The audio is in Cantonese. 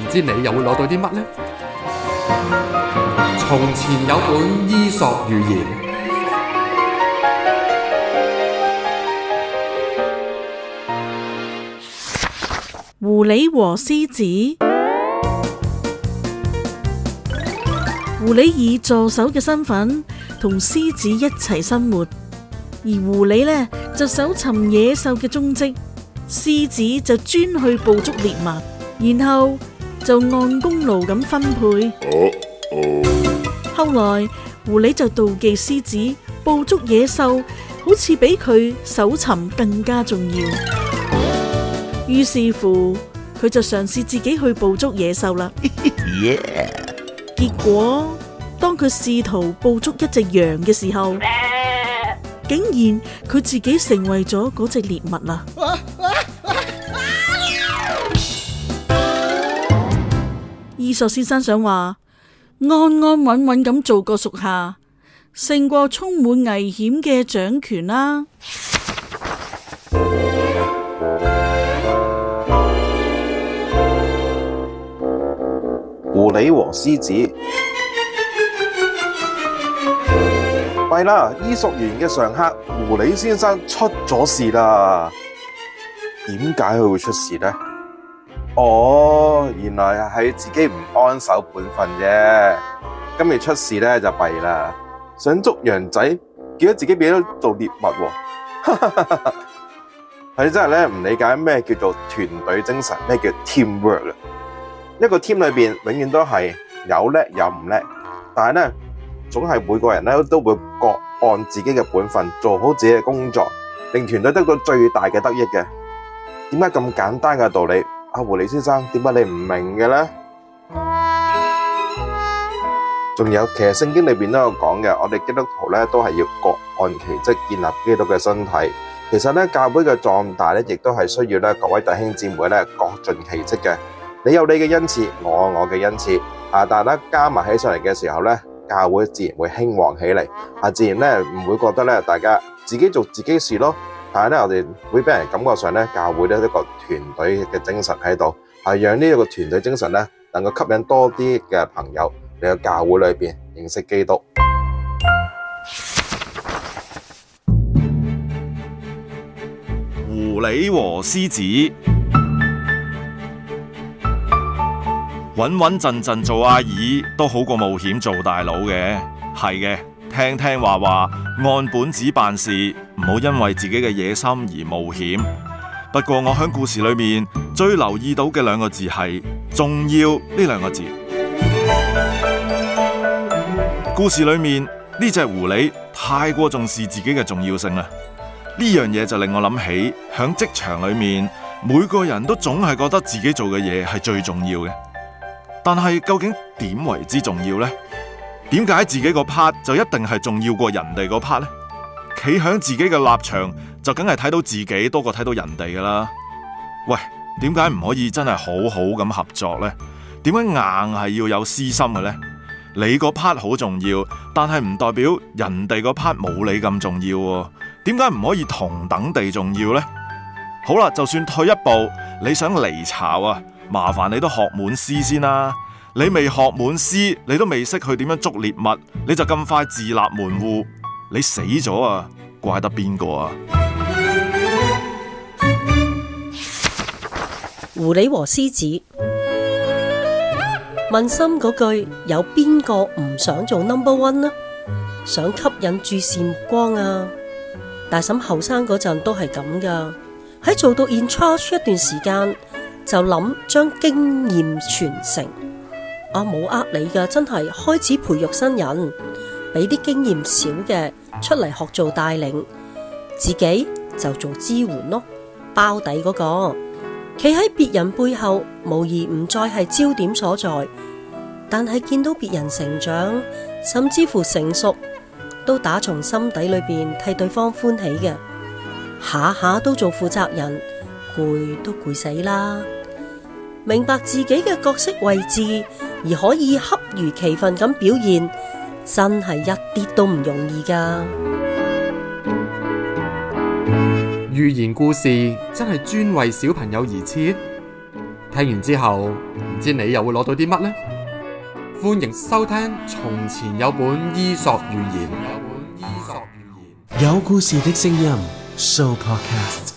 唔知你又會攞到啲乜呢？從前有本伊索寓言，狐狸和獅子。狐狸以助手嘅身份同獅子一齊生活，而狐狸呢，就搜尋野獸嘅蹤跡，獅子就專去捕捉獵物，然後，就按功勞咁分配。哦哦。後來狐狸就妒忌獅子捕捉野獸，好似比佢搜尋更加重要。於是乎，佢就嘗試自己去捕捉野獸啦。結果當佢試圖捕捉一隻羊嘅時候，竟然佢自己成為咗嗰隻獵物啦。伊索先生想話，安安穩穩咁做個屬下，勝過充滿危險嘅掌權啦、啊。狐狸和獅子，弊啦！伊索寓言嘅常客狐狸先生出咗事啦。點解佢會出事呢？哦，原來係自己唔安守本分啫。今日出事呢，就弊啦，想捉羊仔，結果自己變咗做獵物，哦。佢 真係呢？唔理解咩叫做團隊精神，咩叫 teamwork？一個 team 裏面永遠都係有叻有唔叻，但係呢，總係每個人呢都會各按自己嘅本分做好自己嘅工作，令團隊得到最大嘅得益嘅。點解咁簡單嘅道理？阿狐狸先生，點解你唔明嘅咧？仲有，其實聖經裡面都有講嘅，我哋基督徒咧都係要各按其職，建立基督嘅身體。其實咧，教會嘅壯大咧，亦都係需要咧各位弟兄姊妹咧各盡其職嘅。你有你嘅恩賜，我有我嘅恩賜，啊，但係咧加埋起上嚟嘅時候咧，教會自然會興旺起嚟，啊，自然咧唔會覺得咧大家自己做自己事咯。但係我哋會俾人感覺上呢，教會呢一個團隊嘅精神喺度，係讓呢一個團隊精神呢能夠吸引多啲嘅朋友嚟到教會裏面認識基督。狐狸和獅子，穩穩陣陣做阿姨都好過冒險做大佬嘅，係嘅。聽聽話話，按本子辦事，唔好因為自己嘅野心而冒險。不過我喺故事裏面最留意到嘅兩個字係重要呢兩個字。故事裏面呢隻狐狸太過重視自己嘅重要性啦，呢樣嘢就令我諗起響職場裏面，每個人都總係覺得自己做嘅嘢係最重要嘅，但係究竟點為之重要呢？點解自己個 part 就一定係重要過人哋嗰 part 呢？企響自己嘅立場就梗係睇到自己多過睇到人哋噶啦。喂，點解唔可以真係好好咁合作呢？點解硬係要有私心嘅呢？你嗰 part 好重要，但係唔代表人哋嗰 part 冇你咁重要。點解唔可以同等地重要呢？好啦，就算退一步，你想離巢啊？麻煩你都學滿師先啦。你未學滿師，你都未識去點樣捉獵物，你就咁快自立門戶，你死咗啊！怪得邊個啊？狐狸和獅子，問心嗰句，有邊個唔想做 number one 呢？想吸引注視目光啊！大嬸後生嗰陣都係咁噶，喺做到演出一段時間就諗將經驗傳承。我冇呃你㗎，真係開始培育新人，俾啲經驗少嘅出嚟學做帶領，自己就做支援咯，包底嗰個，企喺別人背後，無疑唔再係焦點所在。但係見到別人成長，甚至乎成熟，都打從心底裏邊替對方歡喜嘅，下下都做負責人，攰都攰死啦。明白自己嘅角色位置。而可以恰如其分咁表現，真係一啲都唔容易噶。寓言故事真係專為小朋友而設，聽完之後唔知你又會攞到啲乜呢？歡迎收聽《從前有本伊索寓言》，有本伊索寓言，有故事的聲音 Sooo podcast。